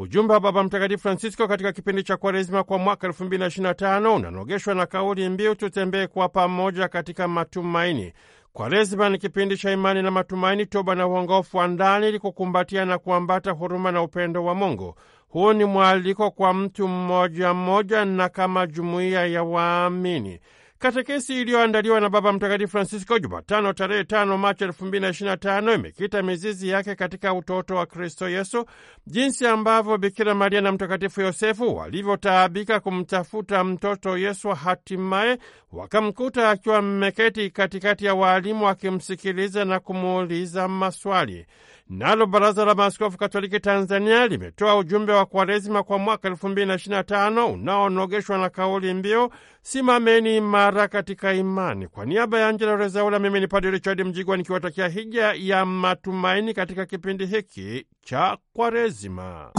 Ujumbe wa Baba Mtakatifu Francisco katika kipindi cha Kwaresima kwa mwaka 2025 unanogeshwa na kauli mbiu tutembee kwa pamoja katika matumaini. Kwaresima ni kipindi cha imani na matumaini, toba na uongofu wa ndani, ili kukumbatia na kuambata huruma na upendo wa Mungu. Huu ni mwaliko kwa mtu mmoja mmoja na kama jumuiya ya waamini. Katekesi iliyoandaliwa na Baba Mtakatifu Francisco Jumatano tarehe tano Machi elfu mbili na na tano imekita mizizi yake katika utoto wa Kristo Yesu, jinsi ambavyo Bikira Maria na Mtakatifu Yosefu walivyotaabika kumtafuta mtoto Yesu, hatimaye wakamkuta akiwa mmeketi katikati ya waalimu akimsikiliza na kumuuliza maswali. Nalo Baraza la Maaskofu Katoliki Tanzania limetoa ujumbe wa Kwaresima kwa mwaka elfu mbili na na tano unaonogeshwa na kauli mbiu simameni imara katika imani. Kwa niaba ya Angela Rezaula, mimi ni Padre Richard Mjigwa nikiwatakia hija ya matumaini katika kipindi hiki cha Kwaresima.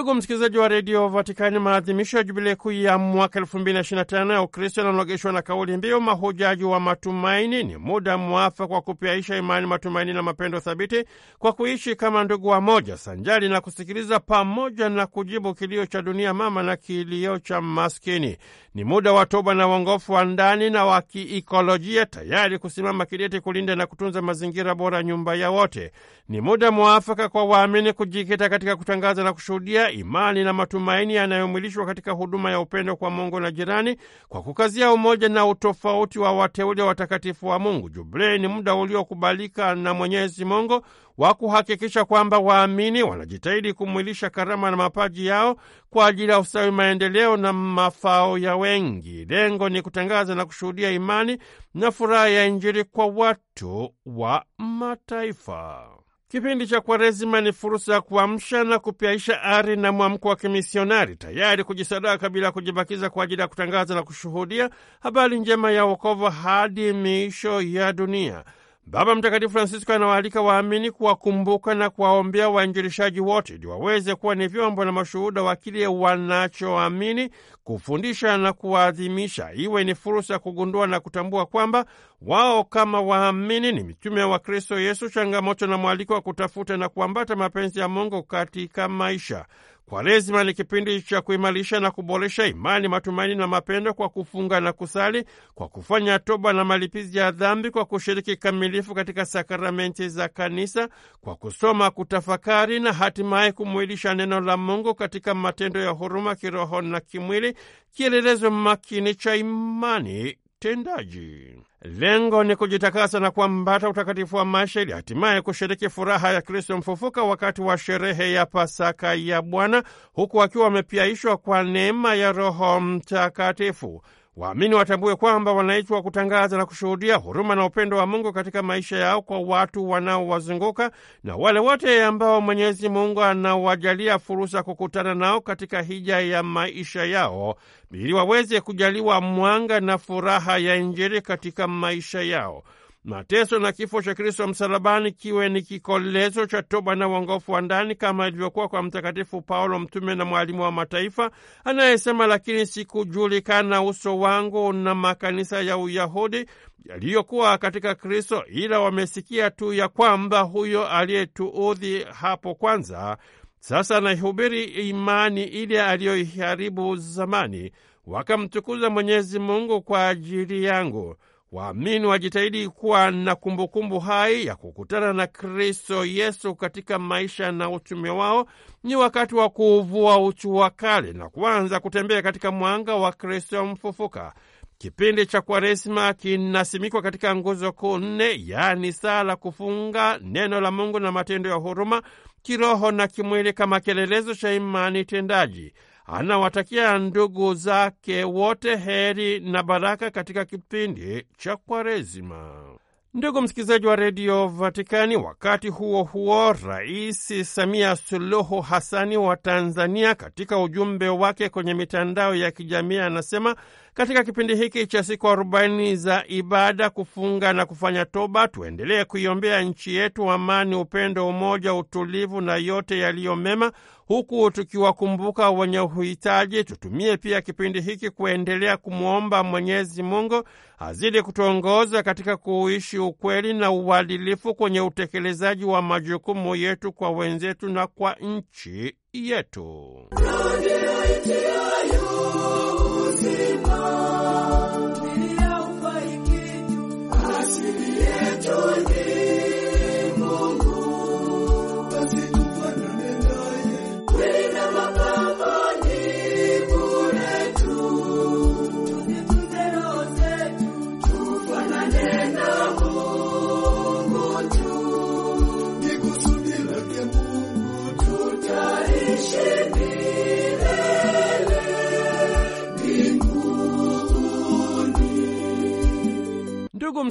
Ndugu msikilizaji wa redio Vatikani, maadhimisho ya jubilei kuu ya mwaka 2025 ya Ukristo yananogeshwa na kauli mbiu mahujaji wa matumaini. Ni muda mwafaka wa kupiaisha imani, matumaini na mapendo thabiti kwa kuishi kama ndugu wa moja, sanjari na kusikiliza pamoja na kujibu kilio cha dunia mama na kilio cha maskini. Ni muda wa toba na uongofu wa ndani na wa kiikolojia, tayari kusimama kidete kulinda na kutunza mazingira bora, nyumba ya wote. Ni muda mwafaka kwa waamini kujikita katika kutangaza na kushuhudia imani na matumaini yanayomwilishwa katika huduma ya upendo kwa Mungu na jirani, kwa kukazia umoja na utofauti wa wateule watakatifu wa Mungu. Jubilei ni muda uliokubalika na Mwenyezi Mungu wa kuhakikisha kwamba waamini wanajitahidi kumwilisha karama na mapaji yao kwa ajili ya ustawi, maendeleo na mafao ya wengi. Lengo ni kutangaza na kushuhudia imani na furaha ya Injili kwa watu wa mataifa. Kipindi cha Kwaresima ni fursa ya kuamsha na kupyaisha ari na mwamko wa kimisionari, tayari kujisadaka bila kujibakiza kwa ajili ya kutangaza na kushuhudia habari njema ya wokovu hadi miisho ya dunia. Baba Mtakatifu Francisco anawaalika waamini kuwakumbuka na kuwaombea wainjilishaji wote ili waweze kuwa ni vyombo na mashuhuda wa kile wanachoamini, kufundisha na kuwaadhimisha. Iwe ni fursa ya kugundua na kutambua kwamba wao kama waamini ni mitume wa Kristo Yesu, changamoto na mwaliko wa kutafuta na kuambata mapenzi ya Mungu katika maisha. Kwaresima ni kipindi cha kuimarisha na kuboresha imani, matumaini na mapendo, kwa kufunga na kusali, kwa kufanya toba na malipizi ya dhambi, kwa kushiriki kamilifu katika sakramenti za kanisa, kwa kusoma, kutafakari na hatimaye kumwilisha neno la Mungu katika matendo ya huruma kiroho na kimwili, kielelezo makini cha imani tendaji. Lengo ni kujitakasa na kuambata utakatifu wa maisha ili hatimaye kushiriki furaha ya Kristo mfufuka wakati wa sherehe ya Pasaka ya Bwana, huku akiwa wamepiaishwa kwa neema ya Roho Mtakatifu. Waamini watambue kwamba wanaitwa kutangaza na kushuhudia huruma na upendo wa Mungu katika maisha yao kwa watu wanaowazunguka na wale wote ambao Mwenyezi Mungu anawajalia fursa kukutana nao katika hija ya maisha yao, ili waweze kujaliwa mwanga na furaha ya Injili katika maisha yao mateso na kifo cha Kristo msalabani kiwe ni kikolezo cha toba na uongofu wa ndani kama ilivyokuwa kwa Mtakatifu Paulo mtume na mwalimu wa mataifa anayesema, lakini sikujulikana uso wangu na makanisa ya Uyahudi yaliyokuwa katika Kristo, ila wamesikia tu ya kwamba huyo aliyetuudhi hapo kwanza sasa anaihubiri imani ile aliyoiharibu zamani, wakamtukuza Mwenyezi Mungu kwa ajili yangu. Waamini wajitahidi kuwa na kumbukumbu hai ya kukutana na Kristo Yesu katika maisha na utume wao. Ni wakati wa kuuvua uchu wa kale na kuanza kutembea katika mwanga wa Kristo mfufuka. Kipindi cha kwaresima kinasimikwa katika nguzo kuu nne, yaani sala, kufunga, neno la Mungu na matendo ya huruma kiroho na kimwili, kama kielelezo cha imani tendaji anawatakia ndugu zake wote heri na baraka katika kipindi cha Kwaresima. Ndugu msikilizaji wa redio Vatikani, wakati huo huo, Rais Samia Suluhu Hasani wa Tanzania katika ujumbe wake kwenye mitandao ya kijamii anasema katika kipindi hiki cha siku arobaini za ibada, kufunga na kufanya toba, tuendelee kuiombea nchi yetu amani, upendo, umoja, utulivu na yote yaliyo mema huku tukiwakumbuka wenye uhitaji, tutumie pia kipindi hiki kuendelea kumwomba Mwenyezi Mungu azidi kutuongoza katika kuishi ukweli na uadilifu kwenye utekelezaji wa majukumu yetu kwa wenzetu na kwa nchi yetu.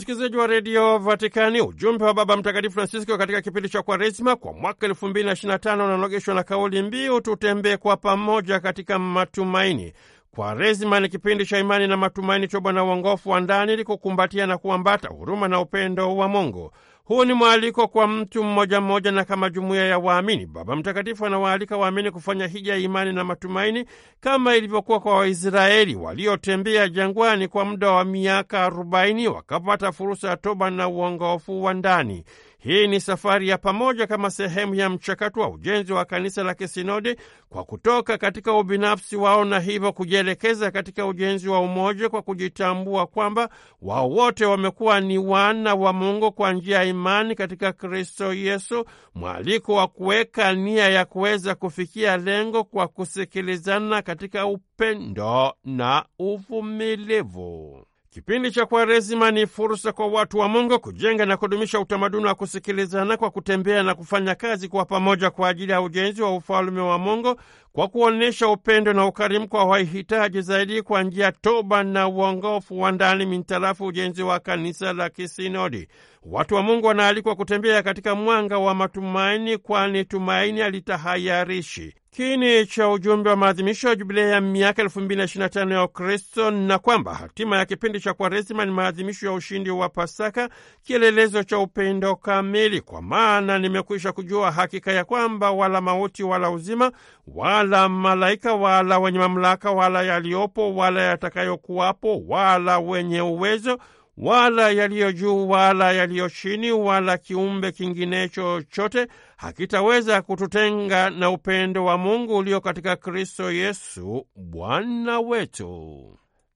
msikilizaji wa redio Vatikani, ujumbe wa Baba Mtakatifu Francisco katika kipindi cha Kwaresima kwa mwaka elfu mbili na ishirini na tano unanogeshwa na kauli mbiu tutembee kwa pamoja katika matumaini. Kwaresima ni kipindi cha imani na matumaini, toba na uongofu wa ndani, likukumbatia na kuambata huruma na upendo wa Mungu. Huu ni mwaliko kwa mtu mmoja mmoja na kama jumuiya ya waamini. Baba Mtakatifu anawaalika waamini kufanya hija ya imani na matumaini kama ilivyokuwa kwa Waisraeli waliotembea jangwani kwa muda wa miaka arobaini wakapata fursa ya toba na uongofu wa ndani. Hii ni safari ya pamoja kama sehemu ya mchakato wa ujenzi wa kanisa la kisinodi kwa kutoka katika ubinafsi wao na hivyo kujielekeza katika ujenzi wa umoja kwa kujitambua kwamba wao wote wamekuwa ni wana wa Mungu kwa njia ya imani katika Kristo Yesu, mwaliko wa kuweka nia ya kuweza kufikia lengo kwa kusikilizana katika upendo na uvumilivu. Kipindi cha Kwaresima ni fursa kwa watu wa Mungu kujenga na kudumisha utamaduni wa kusikilizana kwa kutembea na kufanya kazi kwa pamoja kwa ajili ya ujenzi wa ufalume wa Mungu kwa kuonyesha upendo na ukarimu kwa wahitaji zaidi kwa njia toba na uongofu wa ndani mintarafu ujenzi wa kanisa la kisinodi. Watu wa Mungu wanaalikwa kutembea katika mwanga wa matumaini, kwani tumaini alitahayarishi kini cha ujumbe wa maadhimisho ya jubilei ya miaka elfu mbili na na tano ya Ukristo na kwamba hatima ya kipindi cha Kwaresima ni maadhimisho ya ushindi wa Pasaka, kielelezo cha upendo kamili. Kwa maana nimekwisha kujua hakika ya kwamba wala mauti wala uzima wala malaika wala wenye mamlaka wala yaliyopo wala yatakayokuwapo wala wenye uwezo wala yaliyo juu wala yaliyo chini wala kiumbe kingine chochote hakitaweza kututenga na upendo wa Mungu ulio katika Kristo Yesu Bwana wetu.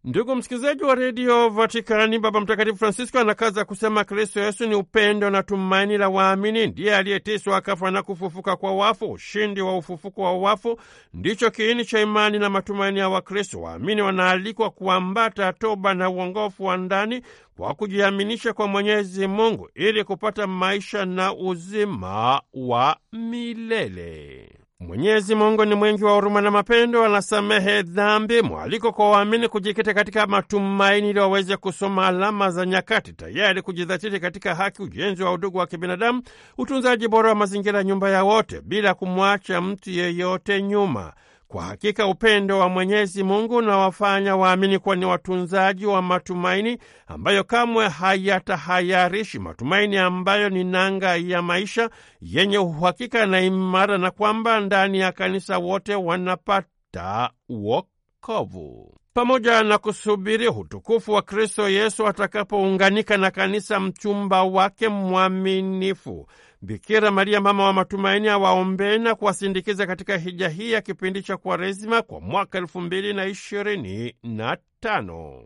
Ndugu msikilizaji wa redio Vatikani, Baba Mtakatifu Francisco anakaza kusema Kristo Yesu ni upendo na tumaini la waamini. Ndiye aliyeteswa akafa na kufufuka kwa wafu. Ushindi wa ufufuko wa wafu ndicho kiini cha imani na matumaini ya Wakristo. Waamini wanaalikwa kuambata toba na uongofu wa ndani kwa kujiaminisha kwa Mwenyezi Mungu ili kupata maisha na uzima wa milele. Mwenyezi Mungu ni mwingi wa huruma na mapendo, anasamehe dhambi. Mwaliko kwa waamini kujikita katika matumaini ili waweze kusoma alama za nyakati, tayari kujidhatiti katika haki, ujenzi wa udugu wa kibinadamu, utunzaji bora wa mazingira, nyumba ya wote, bila kumwacha mtu yeyote nyuma. Kwa hakika upendo wa Mwenyezi Mungu unawafanya waamini kuwa ni watunzaji wa matumaini ambayo kamwe hayatahayarishi, matumaini ambayo ni nanga ya maisha yenye uhakika na imara, na kwamba ndani ya kanisa wote wanapata wokovu pamoja na kusubiri utukufu wa Kristo Yesu atakapounganika na kanisa, mchumba wake mwaminifu. Bikira Maria mama wa matumaini awaombee na kuwasindikiza katika hija hii ya kipindi cha Kwaresima kwa mwaka elfu mbili na ishirini na tano.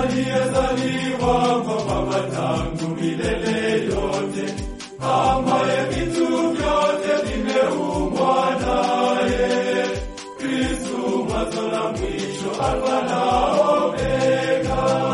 Aliyezaliwa kwa Baba tangu milele yote, ambaye vitu vyote vimeumbwa naye, Kristu mwanzo na mwisho, Alfa na Omega.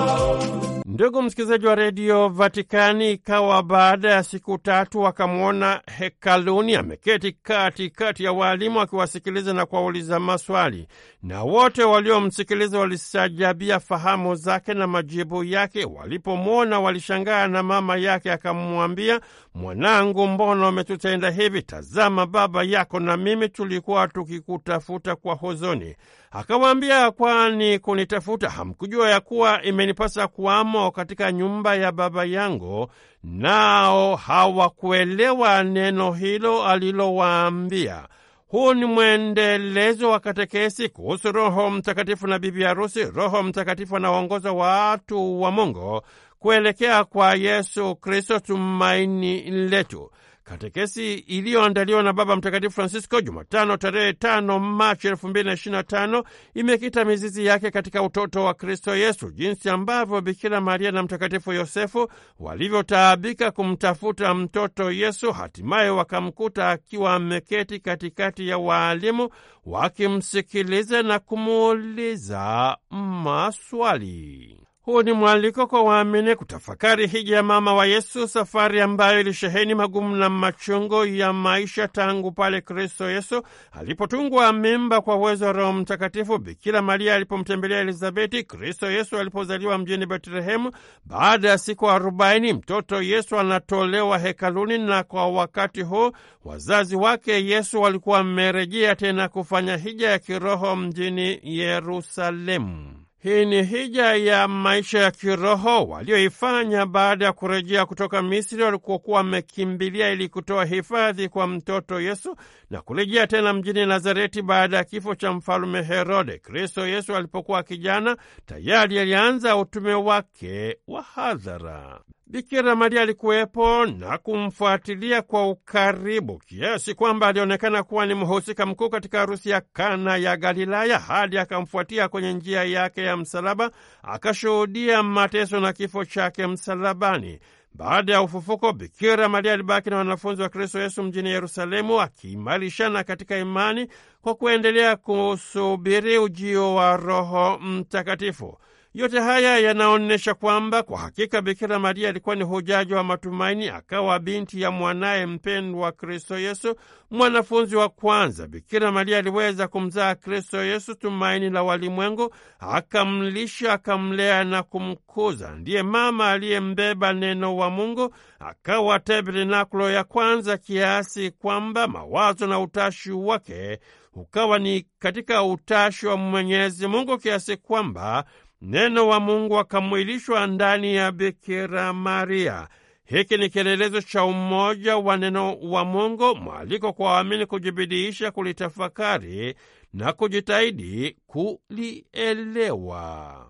Ndugu msikilizaji wa redio Vatikani, ikawa baada ya siku tatu wakamwona hekaluni ameketi katikati ya waalimu akiwasikiliza na kuwauliza maswali, na wote waliomsikiliza walisajabia fahamu zake na majibu yake. Walipomwona walishangaa, na mama yake akamwambia, mwanangu, mbona umetutenda hivi? Tazama, baba yako na mimi tulikuwa tukikutafuta kwa huzuni. Akawaambia, kwani kunitafuta hamkujua ya kuwa imenipasa kuwamo katika nyumba ya Baba yangu? Nao hawakuelewa neno hilo alilowaambia. Huu ni mwendelezo wa katekesi kuhusu Roho Mtakatifu na bibi harusi. Roho Mtakatifu anawaongoza watu wa Mungu kuelekea kwa Yesu Kristo, tumaini letu. Katekesi iliyoandaliwa na Baba Mtakatifu Francisco Jumatano tarehe tano Machi elfu mbili na na tano imekita mizizi yake katika utoto wa Kristo Yesu, jinsi ambavyo Bikira Maria na Mtakatifu Yosefu walivyotaabika kumtafuta mtoto Yesu, hatimaye wakamkuta akiwa ameketi katikati ya waalimu wakimsikiliza na kumuuliza maswali. Huu ni mwaliko kwa waamini kutafakari hija ya mama wa Yesu, safari ambayo ilisheheni magumu na machungo ya maisha tangu pale Kristo Yesu alipotungwa mimba kwa uwezo wa Roho Mtakatifu, Bikira Maria alipomtembelea Elizabeti, Kristo Yesu alipozaliwa mjini Betlehemu. Baada ya siku arobaini mtoto Yesu anatolewa hekaluni, na kwa wakati huu wazazi wake Yesu walikuwa wamerejea tena kufanya hija ya kiroho mjini Yerusalemu. Hii ni hija ya maisha ya kiroho walioifanya baada ya kurejea kutoka Misri walikokuwa wamekimbilia ili kutoa hifadhi kwa mtoto Yesu na kurejea tena mjini Nazareti baada ya kifo cha mfalume Herode. Kristo Yesu alipokuwa kijana tayari alianza utume wake wa hadhara. Bikira Maria alikuwepo na kumfuatilia kwa ukaribu kiasi kwamba alionekana kuwa ni mhusika mkuu katika harusi ya Kana ya Galilaya, hadi akamfuatia kwenye njia yake ya msalaba, akashuhudia mateso na kifo chake msalabani. Baada ya ufufuko, Bikira Maria alibaki na wanafunzi wa Kristo Yesu mjini Yerusalemu, akiimarishana katika imani kwa kuendelea kusubiri ujio wa Roho Mtakatifu. Yote haya yanaonyesha kwamba kwa hakika Bikira Maria alikuwa ni hujaji wa matumaini, akawa binti ya mwanaye mpendwa Kristo Yesu, mwanafunzi wa kwanza. Bikira Maria aliweza kumzaa Kristo Yesu, tumaini la walimwengu, akamlisha, akamlea na kumkuza. Ndiye mama aliyembeba neno wa Mungu, akawa tabernakulo ya kwanza, kiasi kwamba mawazo na utashi wake ukawa ni katika utashi wa Mwenyezi Mungu, kiasi kwamba neno wa Mungu akamwilishwa ndani ya Bikira Maria. Hiki ni kielelezo cha umoja wa neno wa Mungu, mwaliko kwa waamini kujibidiisha kulitafakari na kujitahidi kulielewa.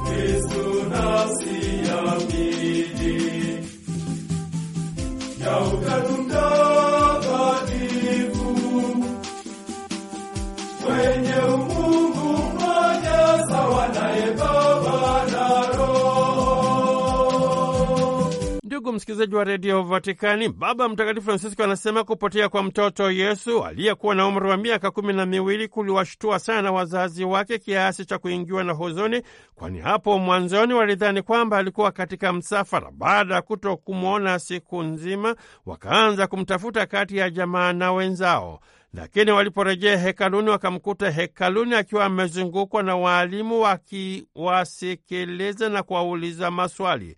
msikilizaji wa redio Vatikani, Baba Mtakatifu Francisco anasema kupotea kwa mtoto Yesu aliyekuwa na umri wa miaka kumi na miwili kuliwashtua sana wazazi wake kiasi cha kuingiwa na huzuni, kwani hapo mwanzoni walidhani kwamba alikuwa katika msafara. Baada ya kuto kumwona siku nzima, wakaanza kumtafuta kati ya jamaa na wenzao lakini waliporejea hekaluni wakamkuta hekaluni akiwa amezungukwa na waalimu wakiwasikiliza na kuwauliza maswali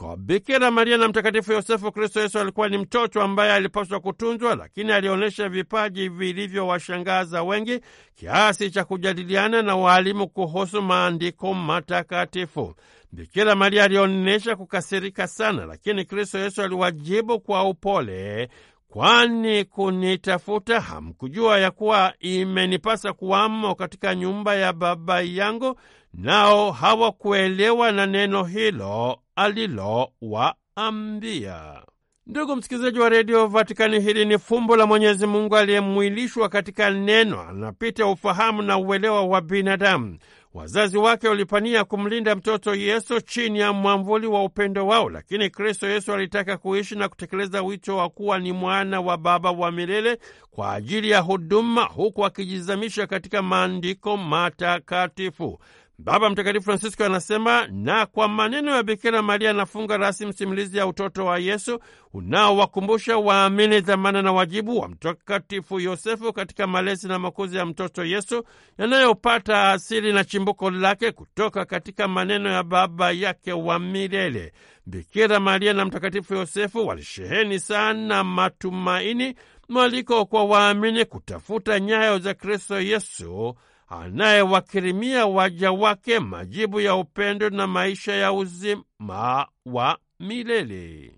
kwa Bikira Maria na Mtakatifu Yosefu, Kristo Yesu alikuwa ni mtoto ambaye alipaswa kutunzwa, lakini alionyesha vipaji vilivyowashangaza wengi kiasi cha kujadiliana na waalimu kuhusu maandiko matakatifu. Bikira Maria alionyesha kukasirika sana, lakini Kristo Yesu aliwajibu kwa upole kwani kunitafuta hamkujua ya kuwa imenipasa kuwamo katika nyumba ya Baba yangu, nao hawakuelewa na neno hilo alilowaambia. Ndugu msikilizaji wa redio Vatikani, hili ni fumbo la Mwenyezi Mungu aliyemwilishwa katika neno, anapita ufahamu na uelewa wa binadamu. Wazazi wake walipania kumlinda mtoto Yesu chini ya mwamvuli wa upendo wao, lakini Kristo Yesu alitaka kuishi na kutekeleza wito wa kuwa ni mwana wa Baba wa milele kwa ajili ya huduma, huku akijizamisha katika maandiko matakatifu. Baba Mtakatifu Francisco anasema, na kwa maneno ya Bikira Maria anafunga rasmi msimulizi ya utoto wa Yesu unaowakumbusha waamini dhamana na wajibu wa Mtakatifu Yosefu katika malezi na makuzi ya mtoto Yesu yanayopata asili na chimbuko lake kutoka katika maneno ya baba yake wa milele. Bikira Maria na Mtakatifu Yosefu walisheheni sana matumaini, mwaliko kwa waamini kutafuta nyayo za Kristo Yesu anayewakirimia waja wake majibu ya upendo na maisha ya uzima wa milele.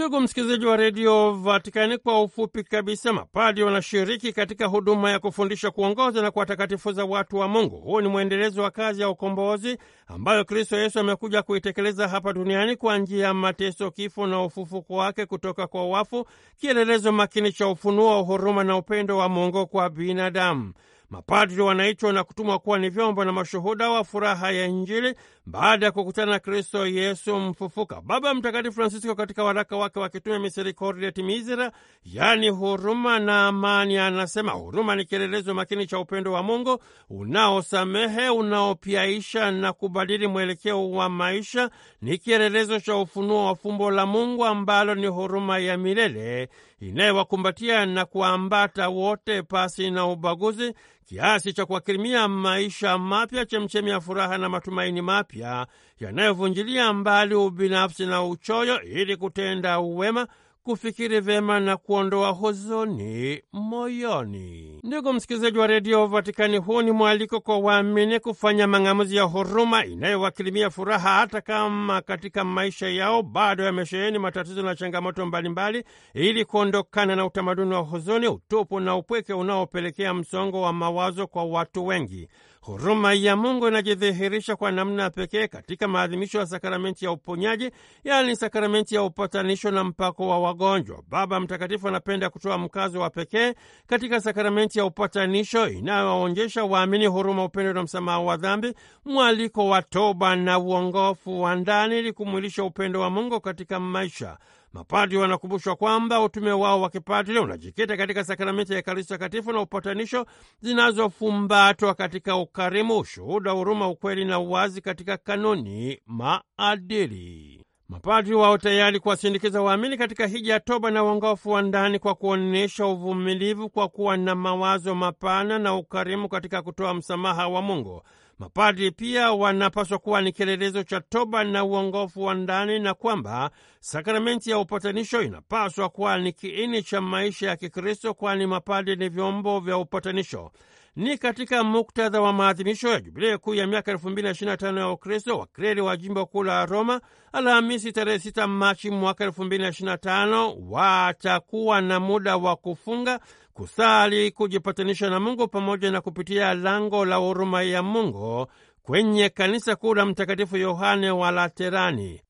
Ndugu msikilizaji wa redio Vatikani, kwa ufupi kabisa, mapadi wanashiriki katika huduma ya kufundisha, kuongoza na kuwatakatifuza watu wa Mungu. Huu ni mwendelezo wa kazi ya ukombozi ambayo Kristo Yesu amekuja kuitekeleza hapa duniani kwa njia ya mateso, kifo na ufufuko wake kutoka kwa wafu, kielelezo makini cha ufunuo wa huruma na upendo wa Mungu kwa binadamu. Mapadri wanaitwa na kutumwa kuwa ni vyombo na mashuhuda wa furaha ya Injili baada ya kukutana na Kristo Yesu mfufuka. Baba Mtakatifu Francisco katika waraka wake wa kitume Misericordiae Misere, yaani huruma na amani, anasema huruma ni kielelezo makini cha upendo wa Mungu unaosamehe, unaopiaisha na kubadili mwelekeo wa maisha. Ni kielelezo cha ufunuo wa fumbo la Mungu ambalo ni huruma ya milele inayewakumbatia na kuambata wote pasi na ubaguzi, kiasi cha kuwakirimia maisha mapya, chemchemi ya furaha na matumaini mapya yanayovunjilia mbali ubinafsi na uchoyo, ili kutenda uwema kufikiri vyema na kuondoa huzuni moyoni. Ndugu msikilizaji wa redio Vatikani, huu ni mwaliko kwa waamini kufanya mang'amuzi ya huruma inayowakilimia furaha, hata kama katika maisha yao bado yamesheheni matatizo na changamoto mbalimbali, ili kuondokana na utamaduni wa huzuni, utupu na upweke unaopelekea msongo wa mawazo kwa watu wengi. Huruma ya Mungu inajidhihirisha kwa namna ya pekee katika maadhimisho ya sakramenti ya uponyaji, yaani sakramenti ya upatanisho na mpako wa wagonjwa. Baba Mtakatifu anapenda kutoa mkazo wa pekee katika sakramenti ya upatanisho inayoonjesha waamini huruma, upendo na msamaha wa dhambi, mwaliko wa toba na uongofu wa ndani, ili kumwilisha upendo wa Mungu katika maisha Mapadri wanakumbushwa kwamba utume wao wa kipadri unajikita katika sakramenti ya Ekaristi Takatifu na upatanisho zinazofumbatwa katika ukarimu, ushuhuda, huruma, ukweli na uwazi katika kanuni, maadili. Mapadri wao tayari kuwasindikiza waamini katika hija ya toba na uongofu wa ndani kwa kuonyesha uvumilivu, kwa kuwa na mawazo mapana na ukarimu katika kutoa msamaha wa Mungu. Mapadri pia wanapaswa kuwa ni kielelezo cha toba na uongofu wa ndani na kwamba sakramenti ya upatanisho inapaswa kuwa ni kiini cha maisha ya Kikristo, kwani mapadri ni vyombo vya upatanisho ni katika muktadha wa maadhimisho ya jubilei kuu ya miaka 2025 ya Ukristo wa wa jimbo kuu la Roma, Alhamisi tarehe 6 Machi mwaka 2025, watakuwa na muda wa kufunga, kusali, kujipatanisha na Mungu pamoja na kupitia lango la huruma ya Mungu kwenye kanisa kuu la Mtakatifu Yohane wa Laterani.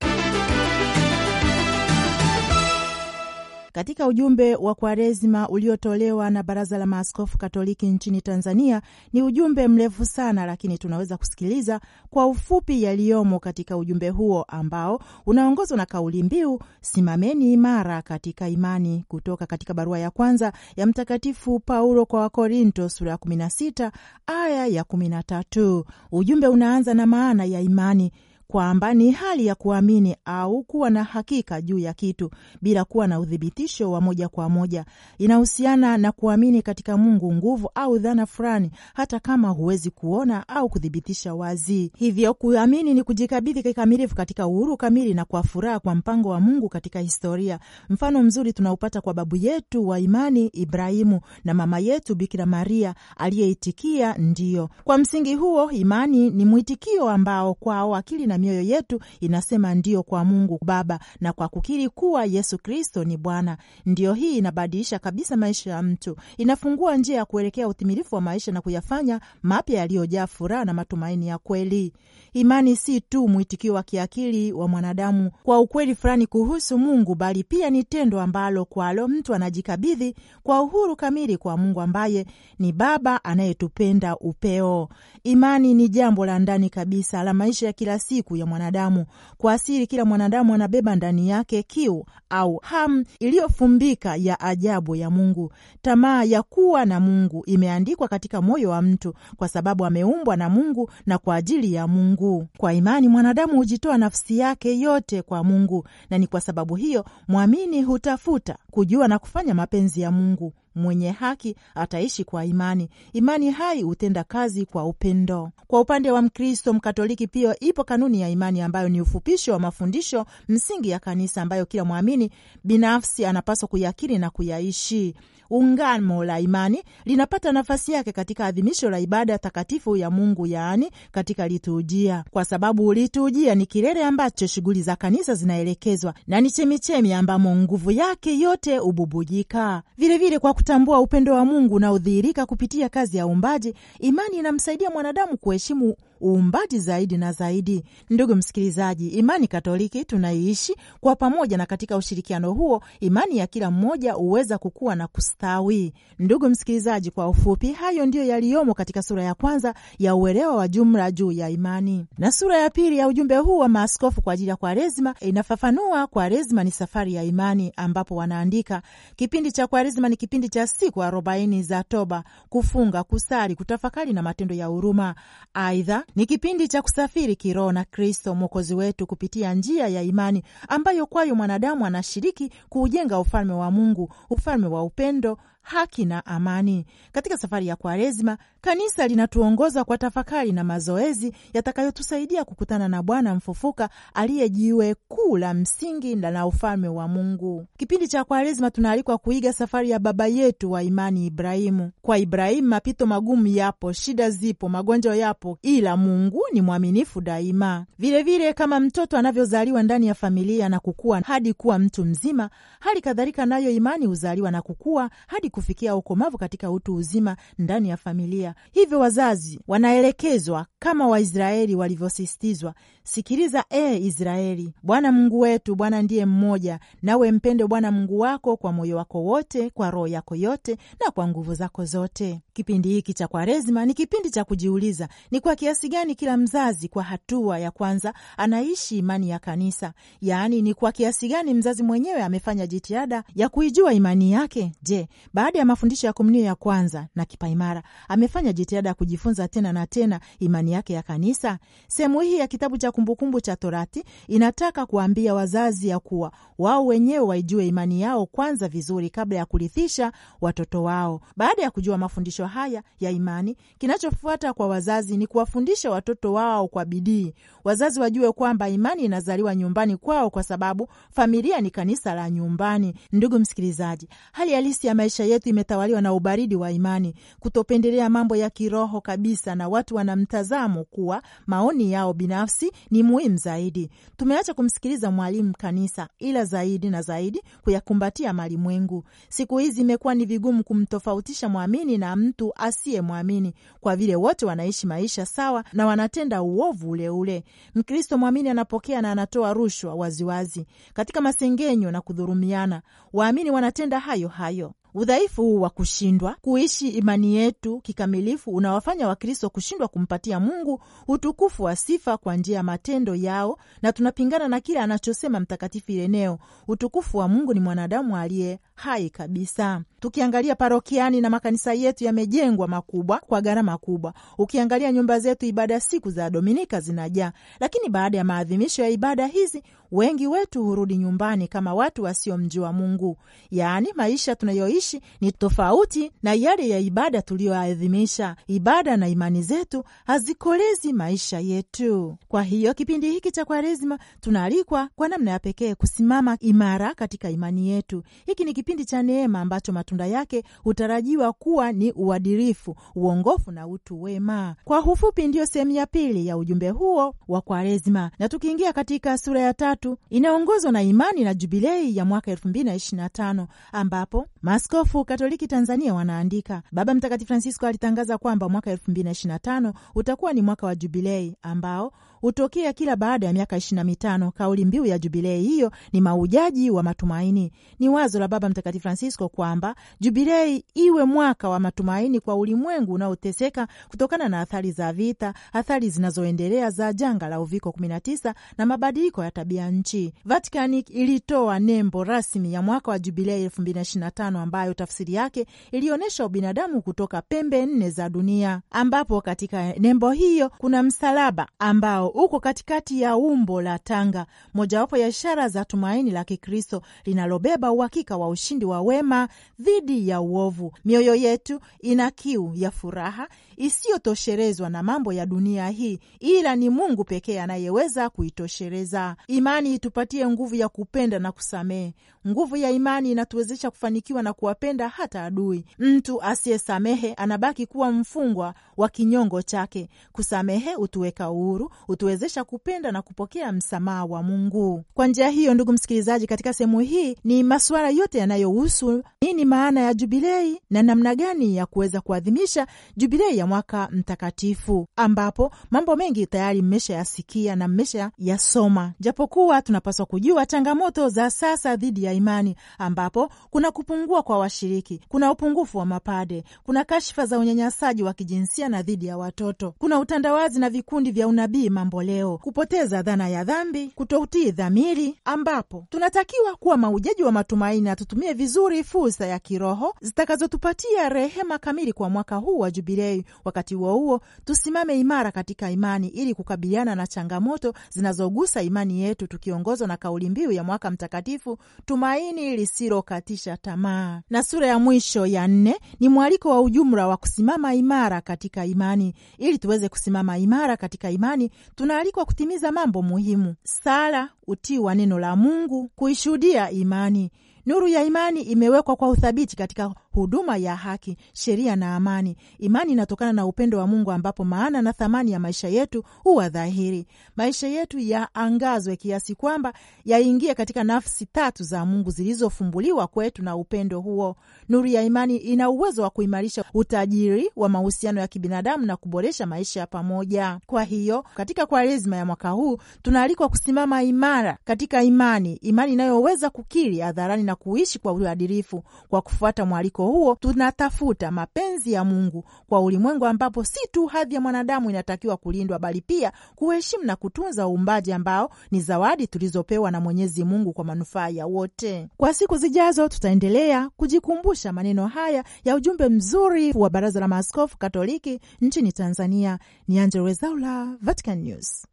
Katika ujumbe wa Kwaresima uliotolewa na Baraza la Maaskofu Katoliki nchini Tanzania, ni ujumbe mrefu sana, lakini tunaweza kusikiliza kwa ufupi yaliyomo katika ujumbe huo ambao unaongozwa na kauli mbiu simameni imara katika imani, kutoka katika barua ya kwanza ya Mtakatifu Paulo kwa Wakorinto sura ya 16 aya ya 13. Ujumbe unaanza na maana ya imani kwamba ni hali ya kuamini au kuwa na hakika juu ya kitu bila kuwa na uthibitisho wa moja kwa moja. Inahusiana na kuamini katika Mungu, nguvu au dhana fulani, hata kama huwezi kuona au kuthibitisha wazi. Hivyo kuamini ni kujikabidhi kikamilifu katika uhuru kamili na kwa furaha kwa mpango wa Mungu katika historia. Mfano mzuri tunaupata kwa babu yetu wa imani Ibrahimu na mama yetu Bikira Maria aliyeitikia ndiyo. Kwa msingi huo, imani ni mwitikio ambao kwao akili na mioyo yetu inasema ndio kwa Mungu Baba na kwa kukiri kuwa Yesu Kristo ni Bwana. Ndio hii inabadilisha kabisa maisha ya mtu, inafungua njia ya kuelekea utimilifu wa maisha na kuyafanya mapya yaliyojaa furaha na matumaini ya kweli. Imani si tu mwitikio wa kiakili wa mwanadamu kwa ukweli fulani kuhusu Mungu, bali pia ni tendo ambalo kwalo mtu anajikabidhi kwa uhuru kamili kwa Mungu ambaye ni Baba anayetupenda upeo. Imani ni jambo la ndani kabisa la maisha ya kila siku siku ya mwanadamu. Kwa asili, kila mwanadamu anabeba ndani yake kiu au hamu iliyofumbika ya ajabu ya Mungu. Tamaa ya kuwa na Mungu imeandikwa katika moyo wa mtu, kwa sababu ameumbwa na Mungu na kwa ajili ya Mungu. Kwa imani, mwanadamu hujitoa nafsi yake yote kwa Mungu, na ni kwa sababu hiyo mwamini hutafuta kujua na kufanya mapenzi ya Mungu mwenye haki ataishi kwa imani. Imani hai hutenda kazi kwa upendo. Kwa upande wa Mkristo Mkatoliki, pia ipo kanuni ya imani ambayo ni ufupisho wa mafundisho msingi ya kanisa ambayo kila mwamini binafsi anapaswa kuyakiri na kuyaishi. Ungamo la imani linapata nafasi yake katika adhimisho la ibada takatifu ya Mungu, yaani katika liturujia, kwa sababu liturujia ni kilele ambacho shughuli za kanisa zinaelekezwa na ni chemichemi ambamo nguvu yake yote hububujika. Vilevile kwa Kutambua upendo wa Mungu unaodhihirika kupitia kazi ya uumbaji, imani inamsaidia mwanadamu kuheshimu uumbaji zaidi na zaidi. Ndugu msikilizaji, imani Katoliki tunaiishi kwa pamoja, na katika ushirikiano huo imani ya kila mmoja huweza kukua na kustawi. Ndugu msikilizaji, kwa ufupi, hayo ndiyo yaliyomo katika sura ya kwanza ya uelewa wa jumla juu ya imani, na sura ya pili ya ujumbe huu wa maaskofu kwa ajili ya Kwaresima inafafanua Kwaresima ni safari ya imani, ambapo wanaandika kipindi cha Kwaresima ni kipindi cha siku arobaini za toba, kufunga, kusali, kutafakari na matendo ya huruma. Aidha, ni kipindi cha kusafiri kiroho na Kristo mwokozi wetu kupitia njia ya imani ambayo kwayo mwanadamu anashiriki kuujenga ufalme wa Mungu, ufalme wa upendo haki na amani. Katika safari ya Kwaresima, kanisa linatuongoza kwa tafakari na mazoezi yatakayotusaidia kukutana na Bwana mfufuka aliye jiwe kuu la msingi na ufalme wa Mungu. Kipindi cha Kwaresima tunaalikwa kuiga safari ya baba yetu wa imani Ibrahimu. Kwa Ibrahimu mapito magumu yapo, shida zipo, magonjwa yapo, ila Mungu ni mwaminifu daima. Vilevile vile, kama mtoto anavyozaliwa ndani ya familia na kukua hadi kuwa mtu mzima, hali kadhalika nayo imani huzaliwa na kukua hadi ili kufikia ukomavu katika utu uzima ndani ya familia. Hivyo wazazi wanaelekezwa kama Waisraeli walivyosisitizwa, sikiliza e Israeli, Bwana Mungu wetu Bwana ndiye mmoja, nawe mpende Bwana Mungu wako kwa moyo wako wote, kwa roho yako yote, na kwa nguvu zako zote. Kipindi hiki cha Kwaresima ni kipindi cha kujiuliza ni kwa kiasi gani kila mzazi kwa hatua ya kwanza anaishi imani ya kanisa, yaani ni kwa kiasi gani mzazi mwenyewe amefanya jitihada ya kuijua imani yake. Je, baada ya mafundisho ya komunio ya kwanza na kipaimara, amefanya jitihada ya kujifunza tena na tena imani yake ya kanisa. Sehemu hii ya kitabu cha Kumbukumbu cha Torati inataka kuambia wazazi ya kuwa wao wenyewe waijue imani yao kwanza vizuri kabla ya kurithisha watoto wao. Baada ya kujua mafundisho haya ya imani, kinachofuata kwa wazazi ni kuwafundisha watoto wao kwa bidii. Wazazi wajue kwamba imani inazaliwa nyumbani kwao, kwa sababu familia ni kanisa la nyumbani. Ndugu msikilizaji, hali halisi ya maisha yetu imetawaliwa na ubaridi wa imani, kutopendelea mambo ya kiroho kabisa, na watu wana mtazamo kuwa maoni yao binafsi ni muhimu zaidi. Tumeacha kumsikiliza mwalimu kanisa, ila zaidi na zaidi kuyakumbatia malimwengu. Siku hizi imekuwa ni vigumu kumtofautisha mwamini na mtu asiye mwamini, kwa vile wote wanaishi maisha sawa na wanatenda uovu uleule ule. Mkristo mwamini anapokea na anatoa rushwa waziwazi katika masengenyo na kudhurumiana, waamini wanatenda hayo hayo. Udhaifu Udhaifu huu wa kushindwa kuishi imani yetu kikamilifu unawafanya Wakristo kushindwa kumpatia Mungu utukufu wa sifa kwa njia ya matendo yao, na tunapingana na kile anachosema Mtakatifu Ireneo, utukufu wa Mungu ni mwanadamu aliye hai kabisa. Tukiangalia parokiani na makanisa yetu yamejengwa makubwa kwa gharama kubwa. Ukiangalia nyumba zetu, ibada siku za Dominika zinajaa, lakini baada ya maadhimisho ya ibada hizi Wengi wetu hurudi nyumbani kama watu wasiomjua Mungu, yaani maisha tunayoishi ni tofauti na yale ya ibada tuliyoadhimisha. Ibada na imani zetu hazikolezi maisha yetu. Kwa hiyo kipindi hiki cha Kwaresima tunaalikwa kwa namna ya pekee kusimama imara katika imani yetu. Hiki ni kipindi cha neema ambacho matunda yake hutarajiwa kuwa ni uadilifu, uongofu na utu wema. Kwa ufupi, ndiyo sehemu ya pili ya ujumbe huo wa Kwaresima, na tukiingia katika sura ya tatu tatu inayoongozwa na imani na jubilei ya mwaka 2025 ambapo maskofu Katoliki Tanzania wanaandika, Baba Mtakatifu Francisco alitangaza kwamba mwaka 2025 utakuwa ni mwaka wa jubilei ambao hutokea kila baada ya miaka ishirini na mitano. Kauli mbiu ya jubilei hiyo ni maujaji wa matumaini. Ni wazo la Baba Mtakatifu Francisco kwamba jubilei iwe mwaka wa matumaini kwa ulimwengu unaoteseka kutokana na athari za vita, athari zinazoendelea za janga la uviko 19 na mabadiliko ya tabia nchi. Vatikani ilitoa nembo rasmi ya mwaka wa jubilei 2025 ambayo tafsiri yake ilionyesha ubinadamu kutoka pembe nne za dunia, ambapo katika nembo hiyo kuna msalaba ambao uko katikati ya umbo la tanga, mojawapo ya ishara za tumaini la Kikristo linalobeba uhakika wa ushindi wa wema dhidi ya uovu. Mioyo yetu ina kiu ya furaha isiyotosherezwa na mambo ya dunia hii, ila ni Mungu pekee anayeweza kuitoshereza. Imani itupatie nguvu ya kupenda na kusamehe. Nguvu ya imani inatuwezesha kufanikiwa na kuwapenda hata adui. Mtu asiyesamehe anabaki kuwa mfungwa wa kinyongo chake. Kusamehe hutuweka uhuru hutuwezesha kupenda na kupokea msamaha wa Mungu. Kwa njia hiyo, ndugu msikilizaji, katika sehemu hii ni masuala yote yanayohusu nini maana ya jubilei na namna gani ya kuweza kuadhimisha jubilei ya mwaka mtakatifu, ambapo mambo mengi tayari mmesha yasikia na mmesha yasoma japokuwa tunapaswa kujua changamoto za sasa dhidi ya imani, ambapo kuna kupungua kwa washiriki, kuna upungufu wa mapade, kuna kashfa za unyanyasaji wa kijinsia na dhidi ya watoto, kuna utandawazi na vikundi vya unabii mambo leo, kupoteza dhana ya dhambi, kutoutii dhamiri, ambapo tunatakiwa kuwa maujaji wa matumaini na tutumie vizuri fursa ya kiroho zitakazotupatia rehema kamili kwa mwaka huu wa Jubilei Wakati huo huo, tusimame imara katika imani ili kukabiliana na changamoto zinazogusa imani yetu, tukiongozwa na kauli mbiu ya mwaka mtakatifu, tumaini lisilokatisha tamaa. Na sura ya mwisho ya nne ni mwaliko wa ujumla wa kusimama imara katika imani. Ili tuweze kusimama imara katika imani, tunaalikwa kutimiza mambo muhimu: sala, utii wa neno la Mungu, kuishuhudia imani. Nuru ya imani imewekwa kwa uthabiti katika huduma ya haki, sheria na amani. Imani inatokana na upendo wa Mungu, ambapo maana na thamani ya maisha yetu huwa dhahiri. Maisha yetu yaangazwe kiasi kwamba yaingie katika nafsi tatu za Mungu zilizofumbuliwa kwetu na upendo huo. Nuru ya imani ina uwezo wa kuimarisha utajiri wa mahusiano ya kibinadamu na kuboresha maisha ya pamoja. Kwa hiyo katika Kwaresima ya mwaka huu tunaalikwa kusimama imara katika imani, imani inayoweza kukiri hadharani na kuishi kwa uadilifu kwa kufuata mwaliko mgawanyiko huo tunatafuta mapenzi ya Mungu kwa ulimwengu ambapo si tu hadhi ya mwanadamu inatakiwa kulindwa, bali pia kuheshimu na kutunza uumbaji ambao ni zawadi tulizopewa na Mwenyezi Mungu kwa manufaa ya wote. Kwa siku zijazo, tutaendelea kujikumbusha maneno haya ya ujumbe mzuri wa Baraza la Maaskofu Katoliki nchini Tanzania. Ni Angella Rwezaula, Vatican News.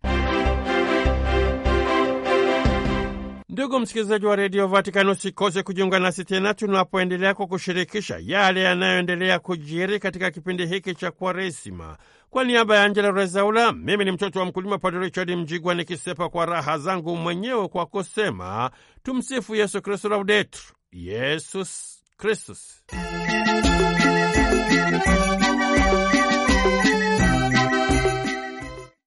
Ndugu msikilizaji wa redio Vatikani, usikose kujiunga nasi tena tunapoendelea kwa kushirikisha yale yanayoendelea kujiri katika kipindi hiki cha Kwaresima. Kwa niaba ya Angela Rezaula, mimi ni mtoto wa mkulima Padre Richard Mjigwa, nikisepa kwa raha zangu mwenyewe kwa kusema tumsifu Yesu Kristu, laudetur Yesus Kristus.